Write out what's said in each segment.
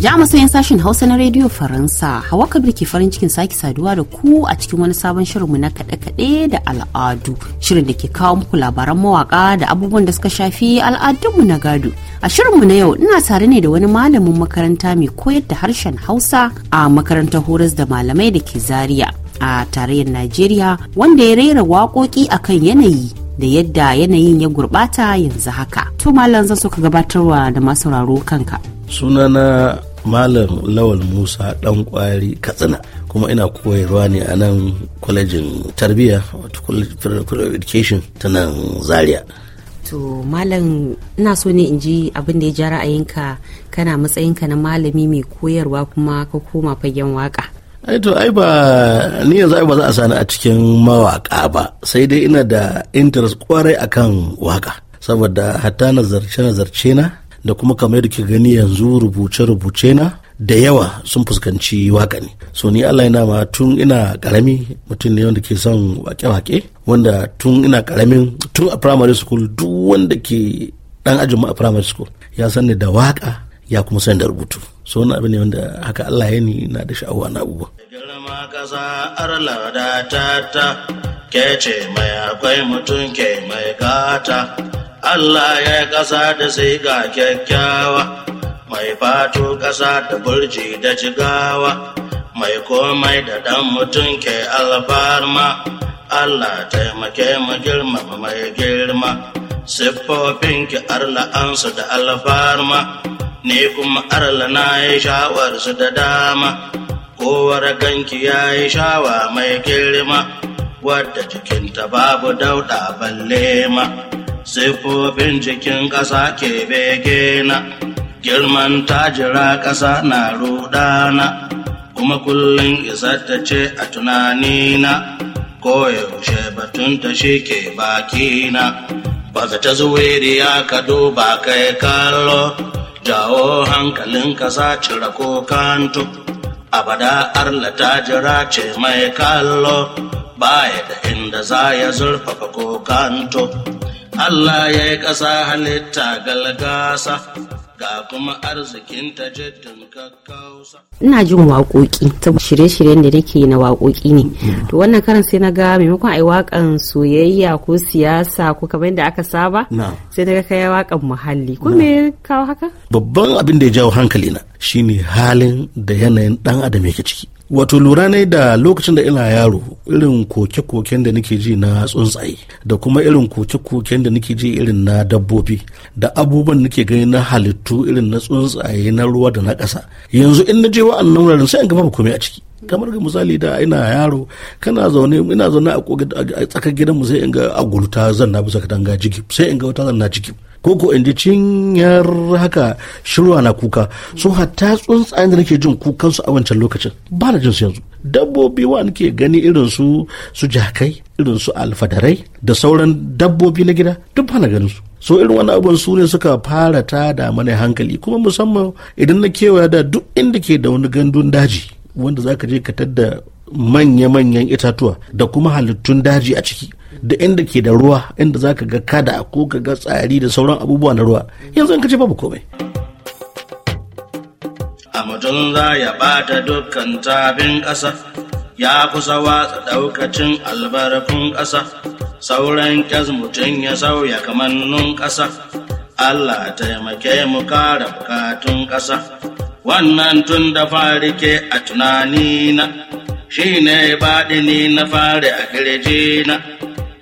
jamusayin sashen hausa na rediyo faransa hawa kabir ke farin cikin sake saduwa da ku a cikin wani sabon shirin mu na kaɗe-kaɗe da al'adu shirin da ke kawo muku labaran mawaka da abubuwan da suka shafi mu na gado a shirin mu na yau ina tare ne da wani malamin makaranta mai koyar da harshen hausa a makarantar horas da malamai da ke zaria a tarayyar Najeriya wanda ya rera waƙoƙi akan yanayi da yadda yanayin ya gurɓata yanzu haka. To malam zan ka gabatarwa da masu sauraro kanka. Sunana Malam Lawal Musa ɗan ƙwari Katsina kuma ina koyarwa ne a nan kwalejin tarbiyya wato education ta nan Zaria. To malam ina so ne in ji abin da ya ja ra'ayinka kana matsayinka na malami mai koyarwa kuma ka koma fagen waka. ai to ai ba ni yanzu ai ba za a sani a cikin mawaka ba sai dai ina da interest kwarai kan waka saboda hatta nazarce nazarce na da kuma kamar yadda ke gani yanzu rubuce rubuce na da yawa sun fuskanci waka ne so ni Allah yana ma tun ina karami mutum ne wanda ke son wake-wake wanda tun ina karamin tun a primary school duk wanda ke dan ajin mu a primary school ya san da waka ya kuma san da rubutu so wani abu ne wanda haka Allah ya ni na da sha'awa na abubuwa girma kasa arla da ta ke ce mai akwai mutum ke mai gata Allah ya kasa da sai ga kyakkyawa mai fato kasa da burji da jigawa mai komai da dan mutum ke alfarma Allah taimake mu girma mai girma siffofin ki arla ansu da alfarma ne kuma arla na yi shawarsu da dama kowar ganki ya yi shawa mai girma wadda jikinta babu dauda balle ma siffofin jikin ƙasa ke bege na girman tajira ƙasa na rudana kuma kullum ta ce a tunanina koyaushe ta shi ke bakina ba ta zuwiri ya ka duba kai kallo jawo hankalin kasa cire ko kanto abada arla ta jira ce mai kallo baya da inda za ya zurfafa ko kanto Allah ya yi ƙasa halitta galgasa arzikin ta Ina jin waƙoƙi ta shirye-shiryen da nake na waƙoƙi ne. To wannan karan sai na ga maimakon ai waƙan soyayya ko siyasa ko kamar yadda aka saba. Sai na ga kai waƙan muhalli. Ko me kawo haka? Babban abin da ya jawo hankali na shine halin da yanayin ɗan adam yake ciki. wato lura ne da lokacin da ina yaro irin koke-koken da nake ji na tsuntsaye da kuma irin koke-koken da nake ji irin na dabbobi da abubuwan nake gani na halittu irin na tsuntsaye na ruwa da na ƙasa yanzu in na je wa'annan wuraren sai an gaba komai a ciki kamar ga misali da ina yaro kana zaune ina zaune a tsakar gidanmu sai in ga agulta zanna bisa katanga jiki sai in ga wata zanna jiki ko ko in ji cinyar haka shirwa na kuka so hatta tsuntsayen da nake jin kukan su a wancan lokacin ba na jin su yanzu dabbobi wa nake gani irin su su jakai irin su alfadarai da sauran dabbobi na gida duk ba na ganin su so irin wani abun su ne suka fara tada mana hankali kuma musamman idan na kewaya da duk inda ke da wani gandun daji wanda za ka je ka tadda manya-manyan itatuwa da kuma halittun daji a ciki da inda ke da ruwa inda za ka ga kada ko ka ga tsari da sauran abubuwa na ruwa yanzu in ka ce babu komai a mutum za ya bata dukkan tabin ƙasa ya kusa watsa daukacin albarkun ƙasa sauran ƙyas mutum ya sauya kamannin ƙasa allah taimake mu kara bukatun ƙasa wannan tun da fari ke a tunanina shi ne baɗini na fari a girjina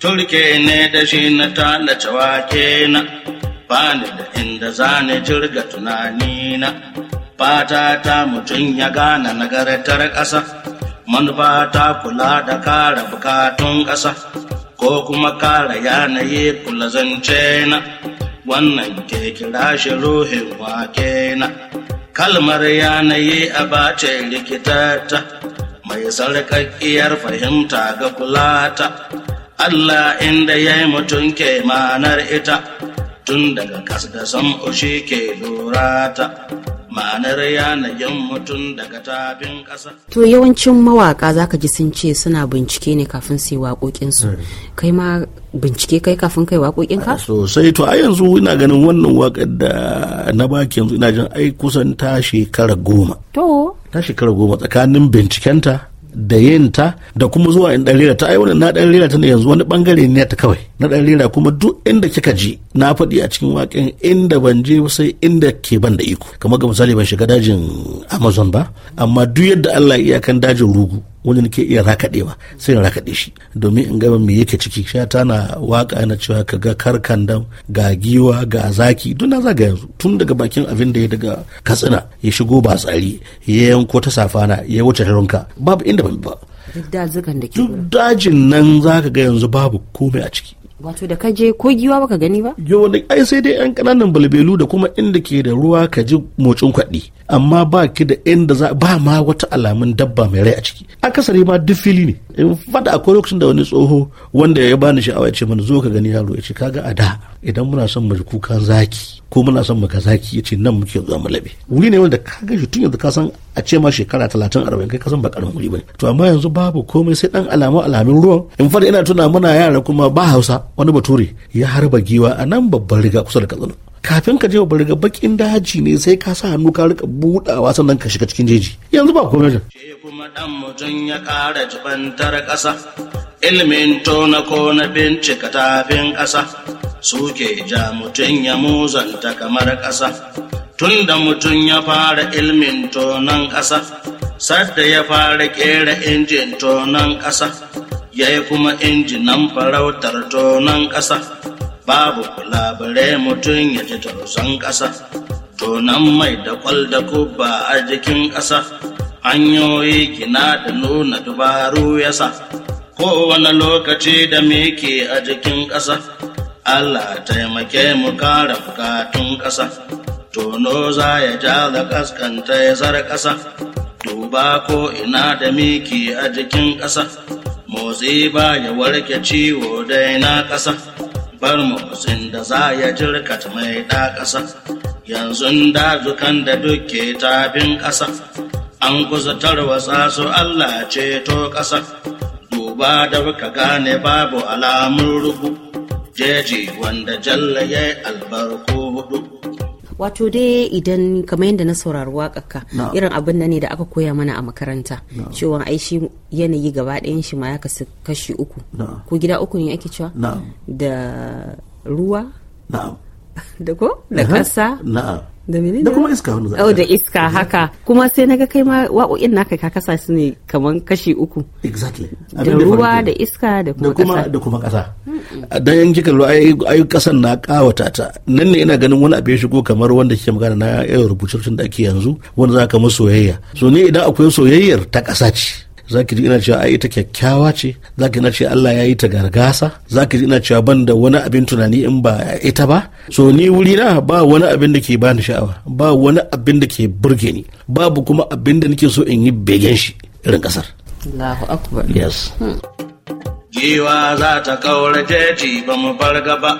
turke ne da shi na talace wake na bani da inda ni jirga tunanina fata ta mutum ya gane nagartar ƙasa manufa ta kula da kara bukatun ƙasa ko kuma kara yanayi kula zance na wannan ke kira shi ruhin wake na kalmar yanayi a bace likitata mai sarƙaƙƙiyar fahimta ga kulata Allah inda ya yi mutum ke manar ita tun daga kas da ushi ke lura ta. ma'anar yanayin mutum daga tafin ƙasa. To yawancin mawaka za ka ji sun ce suna bincike ne kafin su yi waƙoƙinsu. Eh. Kai ma bincike kai kafin kai waƙoƙin ka? Sosai to a yanzu ina ganin wannan waƙar da na baki yanzu ina jin ai kusan ta shekara goma. To. Ta shekara goma tsakanin bincikenta da yin ta da kuma zuwa in dan rera ta ai wannan na dan rera ta ne yanzu wani bangare ne ta kawai na dan rera kuma duk inda kika ji na faɗi a cikin waƙen inda ban je sai inda ke ban da iko kamar ga misali ban shiga dajin Amazon ba amma duk yadda Allah iyakan dajin rugu wanda nake iya rakaɗewa sai na rakaɗe shi domin in gaba me yake ciki shata na waka na cewa ka ga karkandan ga giwa ga zaki duk na zaga yanzu tun daga bakin abin da ya daga katsina ya shigo ba tsari ya yanko ta safana ya wuce runka babu inda ban ba duk dajin nan zaka ga yanzu babu komai a ciki wato da ka ko giwa baka gani ba yo da ai sai dai yan kananan balbelu da kuma inda ke da ruwa ka ji motsin kwaɗi amma ba ki da inda za ba ma wata alamun dabba mai rai a ciki akasari ma duk fili ne in fada akwai lokacin da wani tsoho wanda ya bani sha'awa ya ce mana zo ka gani yaro ya ce kaga a da idan muna son mu kukan zaki ko muna son ka zaki ya ce nan muke zuwa labe. wuri ne wanda ka shi tun yanzu ka san a ce ma shekara talatin arba'in kai ka san bakar wuri bane to amma yanzu babu komai sai dan alamu alamin ruwan in fara ina tuna muna yara kuma ba hausa wani bature ya harba giwa a nan babban riga kusa da katsina kafin ka je wa riga bakin daji ne sai ka sa hannu ka rika budawa sannan ka shiga cikin jeji yanzu ba komai kuma dan mutum ya kara jibantar kasa ilmin tona ko na bincika tafin kasa suke ja mutum ya muzanta kamar kasa tun da mutum ya fara ilmin tonon kasa sadda ya fara kera injin tonon kasa ya yi kuma injinan farautar tonon ƙasa babu kula bare mutum ya ji tarusan ƙasa tonon mai da ƙwal da kuba a jikin ƙasa hanyoyi gina da nuna dubaru yasa kowane lokaci da muke a jikin ƙasa Allah taimake mu kara bukatun ƙasa tono za ya ja da kaskanta ya zara ƙasa duba ko ina da miki a jikin ƙasa motsi ba ya warke ciwo dai na ƙasa bar motsin da za ya jirkata mai ɗa ƙasa yanzu dazukan da duke tafin ƙasa an kusa tarwatsa su Allah ceto ƙasa duba da ka gane babu alamun rubu jeji wanda jalla ya albarku wato dai idan kamar yadda na saurari waƙarka irin abin nan ne da aka koya mana a makaranta cewa ai shi yanayi gaba ɗayan shi ma ya kasu kashi uku ko gida uku ne ake cewa da ruwa da ko da ƙasa da kuma iska hannu oh da iska haka kuma sai naga kai ma waƙoƙin naka ka kasa su ne kaman kashi uku exactly da ruwa da iska da kuma da kuma ƙasa dan yan jikin ruwa ayu ƙasan na kawata ta nan ne ina ganin wani abu ya shigo kamar wanda ke magana na yau rubuce da ake yanzu wanda zaka ma soyayya so ni idan akwai soyayyar ta ƙasa ce za ki ji ina cewa ai ita kyakkyawa ce za ki ina cewa Allah ya yi ta gargasa za ki ji ina cewa ban da wani abin tunani in ba ita ba so ni wuri na ba wani abin da ke bani sha'awa ba wani abin da ke burge ni babu kuma abin da nake so in yi begen shi irin kasar Allahu akbar yes jiwa hmm. za ta kaura jeji ba mu farga ba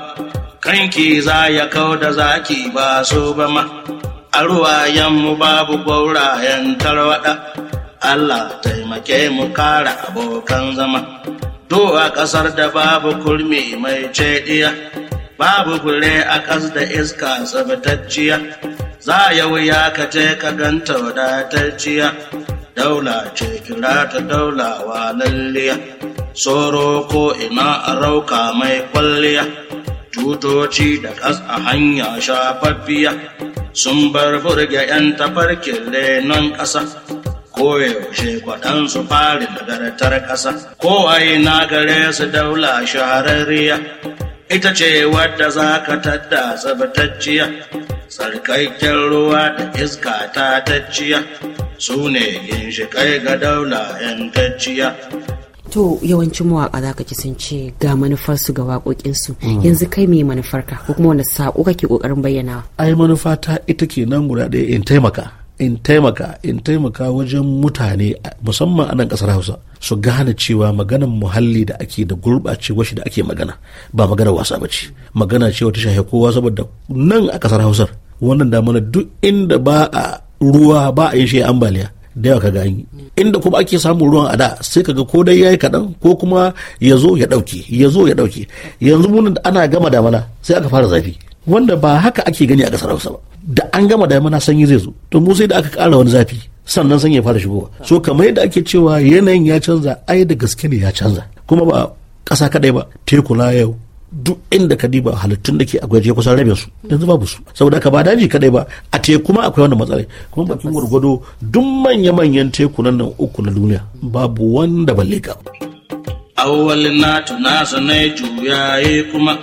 kanki za ya kau da zaki ba so ba ma a ruwayen mu babu gaurayen tarwada Allah taimake mu kara abokan zama. To a ƙasar da babu kurmi mai cediya, babu kure a ƙas da iska tsabtacciya, za ya wuya ka je ka ganta wadatacciya, daula ce kira ta daula wa lalliya, soro ko ina a rauka mai kwalliya, tutoci da ƙas a hanya shafaffiya, sun bar burge 'yan tafarkin renon ƙasa. koyaushe kwaɗansu farin nagartar ƙasa. Kowaye na gare su daula shahararriya, ita ce wadda za ka tadda tsabtacciya, tsarkakken ruwa da iska ta tacciya, su ne ginshiƙai ga daula 'yantacciya. to yawancin mawaka za ka ci sun ce ga manufarsu ga waƙoƙinsu mm. yanzu kai me manufarka ko kuma wanda saƙo kake ƙoƙarin bayyana ai manufa ta ita nan guda ɗaya in taimaka in taimaka in taimaka wajen mutane musamman a nan kasar hausa su gane cewa maganan muhalli da ake da gurɓacewa shi da ake magana ba magana wasa ba ce magana cewa wata shahe kowa saboda nan a kasar hausar wannan damana duk inda ba a ruwa ba a yin shi ambaliya da yawa kaga an yi inda kuma ake samun ruwan a da sai kaga ko dai yayi kaɗan ko kuma ya zo ya ɗauke ya zo ya ɗauke yanzu munin ana gama damana sai aka fara zafi wanda ba haka ake gani a ƙasar Hausa ba da an gama da damina sanyi zai zo to mu sai da aka ƙara wani zafi sannan sanyi ya fara shigowa so kamar yadda ake cewa yanayin ya canza ai da gaske ne ya canza kuma ba ƙasa kaɗai ba teku na yau duk inda ka diba halittun da ke a gwaje kusan rabin su yanzu babu su saboda ka ba daji kadai ba a teku ma akwai wannan matsalai kuma bakin gwargwado duk manya-manyan teku nan uku na duniya babu wanda balle ka awwal na tuna sanai juyaye kuma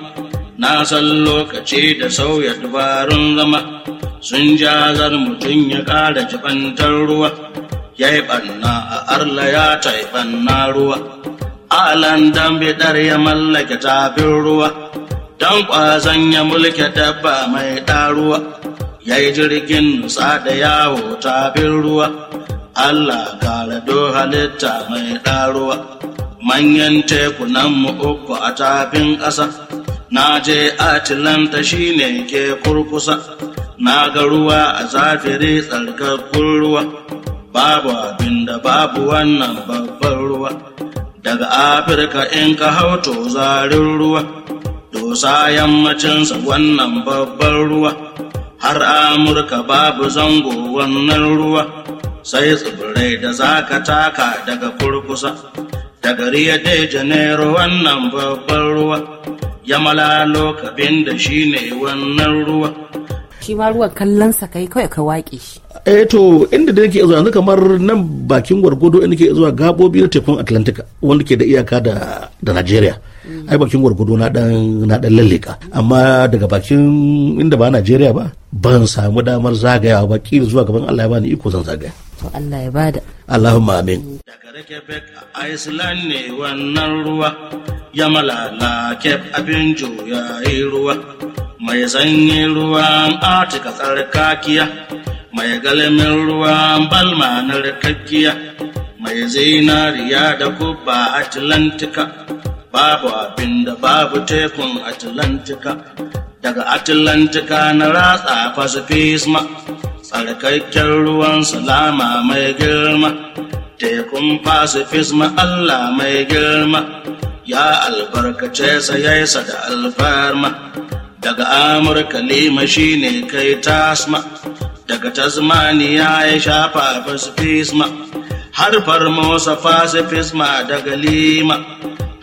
na san lokaci da sauya dabarun zama sun jazar mutum ya ƙara jibantar ruwa ya yi ɓanna a arla ya ta yi ruwa alan dan dar ya mallake tafin ruwa dan ƙwazon ya mulke dabba mai ɗaruwa ya yi jirgin nutsa da yawo tafin ruwa allah gara do halitta mai ɗaruwa manyan tekunan mu uku a tafin ƙasa na je atilanta shine ke kurkusa na ga ruwa a zafiri tsarkakun ruwa babu abin da babu wannan babban ruwa daga afirka in ka hau zarin ruwa dosa yammacinsa wannan babban ruwa har amurka babu zango wannan ruwa sai tsibirai da zaka taka daga kurkusa daga riya de janeiro wannan babban ruwa ya malalo kabin da shi ne wannan ruwa. Shi ma ruwan kallonsa kai kawai ka waƙe shi. Eh to inda da nake zuwa yanzu kamar nan bakin gwargwado inda ke zuwa gabobi na tekun Atlantika wanda ke da iyaka da da Najeriya. Ai bakin gwargwado na dan na dan lalleka amma daga bakin inda ba Najeriya ba ban samu damar zagayawa ba kila zuwa gaban Allah ya bani iko zan zagaya. to Allah ya bada Allahumma amin daga Reykjavik a Iceland ne wannan ruwa ya malala Cape yi ruwa mai zanyi ruwan Arctic tsarkakiya mai galmin ruwan Balma na rikakkiya mai zinariya da kubba Atlantika babu abin da babu tekun Atlantika daga Atlantika na ratsa Pacific tsarkakken ruwan salama mai girma tekun pacifist Allah mai girma ya albarkace sa da alfarma daga amurka lima shine kai tasma daga tasmania ya shafa fasfisma harfar mosa ma daga lima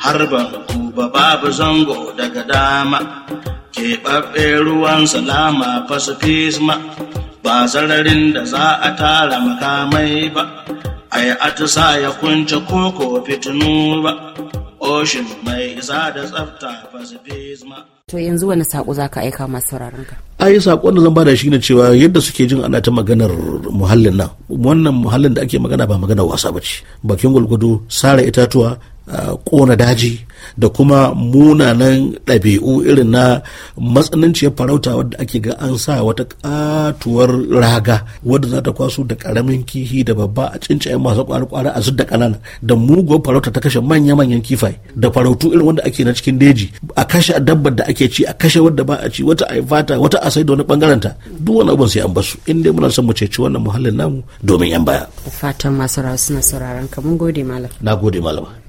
harban kuba babu zango daga dama Keɓaɓɓen ruwan salama ma. ba sararin da za a tara makamai ba ai atisa ya kunce koko fitinu ba oshin mai isa da tsafta pacifism to yanzu wani sako za ka aika masu sauraron ka yi sako da zan bada shi ne cewa yadda suke jin ana ta maganar muhallin nan wannan muhallin da ake magana ba magana wasa ba ce bakin gwalgwado sare itatuwa kona daji da kuma munanan ɗabi'u irin na matsananciyar farauta wadda ake ga an sa wata katuwar raga wadda za ta kwaso da ƙaramin kihi da babba a cincayen masu kwara-kwara a da ƙanana da muguwar farauta ta kashe manya-manyan kifaye da farautu irin wanda ake na cikin deji. a kashe dabbar da ake ci a kashe wadda ba a ci wata a fata wata a sai da wani bangaren ta duk wani abin sai an basu in dai muna son mu ceci wannan muhallin namu domin yan baya fatan masu suna sauraron ka mun gode malam na gode malama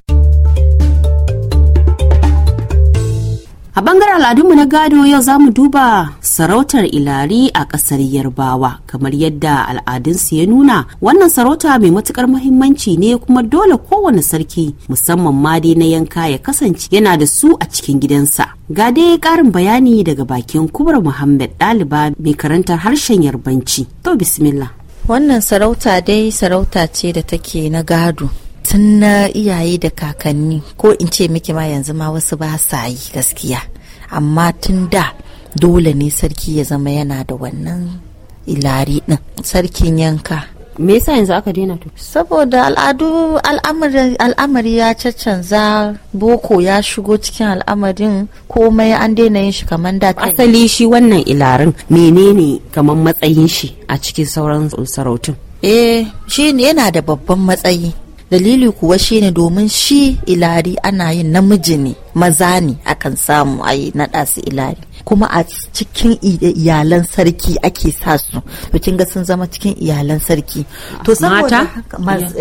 A bangaren al'adunmu na gado yau za mu duba sarautar ilari a ƙasar Yarbawa kamar yadda al'adunsu ya nuna wannan sarauta mai matukar muhimmanci ne kuma dole kowane sarki musamman ma dai na yanka ya kasance yana da su a cikin gidansa. Ga dai ƙarin bayani daga bakin Kubra Muhammad ɗaliba mai karantar harshen Yarbanci. To bismillah. Wannan sarauta dai sarauta ce da take na gado. tun na iyaye da kakanni ko in ce miki ma yanzu ma wasu ba sa yi gaskiya amma tun da dole ne sarki ya zama yana da wannan ilari din sarkin yanka me yasa yanzu aka daina to saboda al'adu al'amari ya caccanza boko ya shigo cikin al'amarin komai an daina yin shi kamar da asali shi wannan ilarin menene kamar matsayin shi a cikin sauran sarautun eh shi yana da babban matsayi dalili kuwa shine domin shi ilari ana yin namiji ne maza ne akan samu a yi naɗa su ilari kuma a cikin iyalan sarki ake sa su to kinga sun zama cikin iyalan sarki to saboda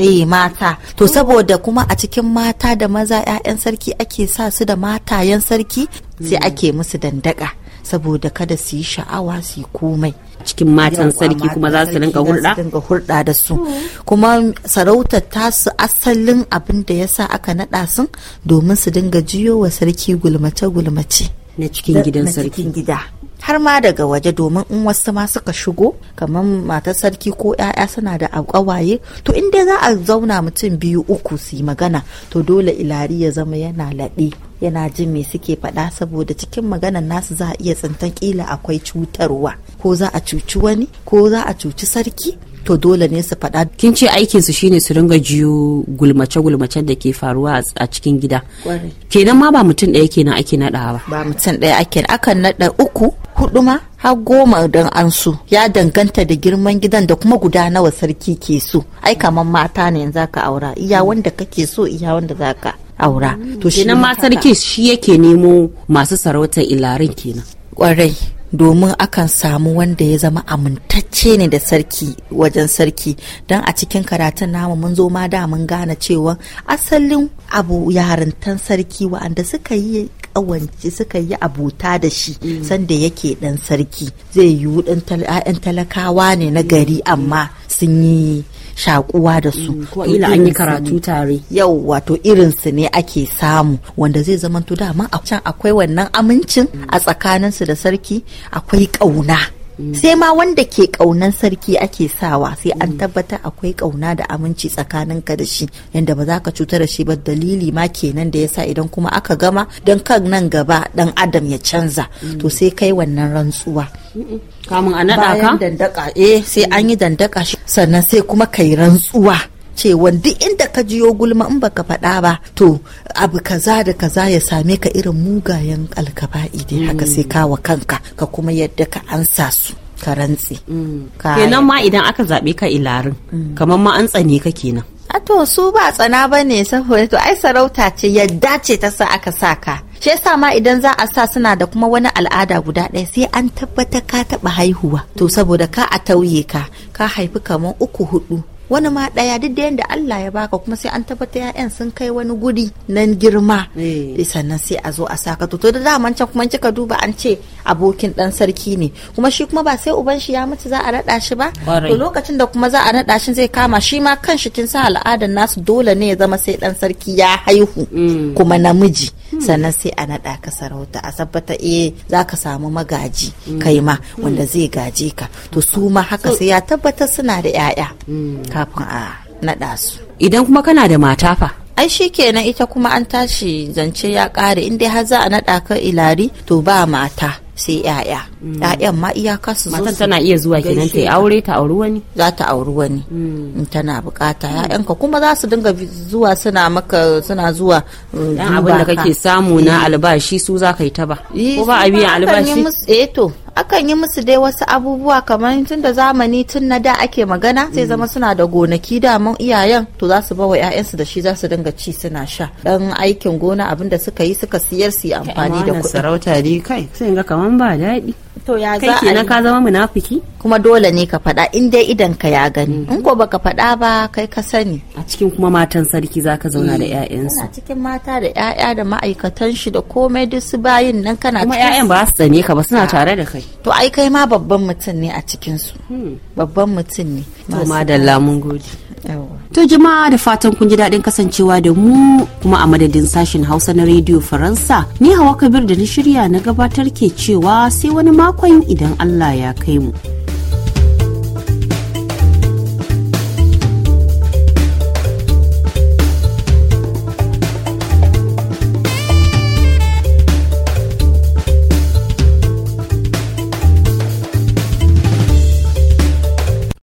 eh, mata to saboda kuma a cikin mata da maza ƴaƴan sarki ake sa su da matayen sarki sai hmm. ake musu dandaka saboda kada su yi sha'awa su yi komai cikin matan sarki kuma za su rinka hulɗa rinka hulɗa da su kuma sarautar tasu asalin abin da yasa aka naɗa sun domin su dinga jiyo wa sarki gulmace gulmace na cikin gidan sarki gida har ma daga waje domin in wasu ma suka shigo kamar matar sarki ko 'ya'ya suna da ƙawaye to in dai za a zauna mutum biyu uku su yi magana to dole ilari ya zama yana laɗe yana jin me suke faɗa saboda cikin maganan nasu za a iya tsintan kila akwai cutarwa ko za a cuci wani ko za a cuci sarki to dole ne su faɗa. Kin ce aikin su shine su ringa jiyo gulmace-gulmacen da ke faruwa a cikin gida. Kenan ma ba mutum ɗaya kenan ake naɗawa ba. Ba mutum ɗaya ake akan naɗa uku hudu ma har goma don an su ya danganta da girman gidan da kuma guda nawa sarki ke so ai kaman mata ne yanzu ka aura iya wanda kake so iya wanda zaka aura to shi ma sarki shi yake nemo masu sarauta ilarin kenan kwarai domin akan samu wanda ya zama amintacce ne da sarki wajen sarki don a cikin karatun namu mun zo ma da mun gane cewa asalin abu yarintan sarki wa'anda suka yi kawance suka yi abuta da shi mm. sanda yake dan sarki zai yi ɗan talakawa ne na gari amma sun yi shakuwa da su mm, ko an yi karatu tare yau wato irin su ne ake samu wanda zai zama to dama a can akwai wannan amincin a tsakaninsu, da sarki akwai kauna sai ma wanda ke kaunan sarki ake sawa sai an tabbatar akwai kauna da aminci tsakanin ka da shi yadda ba za ka cutar da shi ba dalili ma kenan da yasa idan kuma aka gama don kan nan gaba dan adam ya canza to sai kai wannan rantsuwa kamun a naɗa ka dandaka eh sai an yi dandaka sannan sai kuma kai rantsuwa ce duk inda ka jiyo gulma in baka faɗa ba to abu kaza da kaza ya same ka irin mugayen alkaba'i dai haka sai kawa kanka ka kuma yadda ka ansa su ka rantse. Mm. kenan ma idan aka zaɓe ka ilarin mm. kamar ma an tsane ka kenan a su ba tsana ba ne saboda to ai sarauta ce yadda ce ta sa aka sa ka shi yasa ma idan za a sa suna da kuma wani al'ada guda ɗaya sai an tabbata ka taɓa haihuwa to saboda ka a tauye ka ka haifi kamar uku hudu wani ma ɗaya duk da yadda Allah ya baka kuma sai an tabbata ya'yan sun kai wani guri nan girma eh. sannan sai a zo a saka to da daman can kuma kika duba an ce abokin dan sarki ne kuma shi kuma ba sai uban shi ya mutu za a naɗa shi ba to lokacin da kuma za a naɗa shi zai kama shi ma kan shi kin sa al'adar nasu dole ne ya zama sai dan sarki ya haihu mm. kuma namiji mm. sannan sai a naɗa ka sarauta a tabbata eh za ka samu magaji mm. kai ma wanda zai gaje ka to su ma haka sai ya tabbatar suna da 'ya'ya kafin a naɗa su idan kuma kana da mata fa ai shi kenan ita kuma an tashi zance ya ƙare in dai har za a naɗa ka ilari to ba mata sai ya'ya mm. ya'yan ma iyaka su matan tana iya zuwa kenan ta aure ta auri wani za ta auri wani mm. in tana bukata ka kuma za su dinga zuwa suna maka suna zuwa dan uh, abin da kake samu na eh. albashi su za ka yi ta ba eh, ko ba a biyan albashi eh to akan yi musu dai wasu abubuwa kamar tun da zamani tun na da ake magana sai mm. zama suna da gonaki daman iyayen to za su bawa 'ya'yansu da shi za su dinga ci suna sha dan aikin gona abin da suka yi suka siyar su yi amfani da kuɗi sarauta dai kai sai ga kaman ba daɗi to ya za kai kenan ka zama munafiki kuma dole ne ka faɗa in dai idan ka ya gani mm. in ko baka faɗa ba kai ka sani a cikin kuma matan sarki zaka zauna da mm. ƴaƴansu a cikin mata da ƴaƴa da ma'aikatan shi da komai duk su bayin nan kana kuma ƴaƴan ba su tsane ka ba suna ah. tare da kai to ai kai ma babban mutum ne a cikin su hmm. babban mutum ne to madalla mun gode To jama'a da fatan kun ji daɗin kasancewa da mu kuma a madadin sashen Hausa na Radio Faransa ni Hawa Kabir da na shirya na gabatar ke cewa sai wani ma makon idan Allah ya kai mu.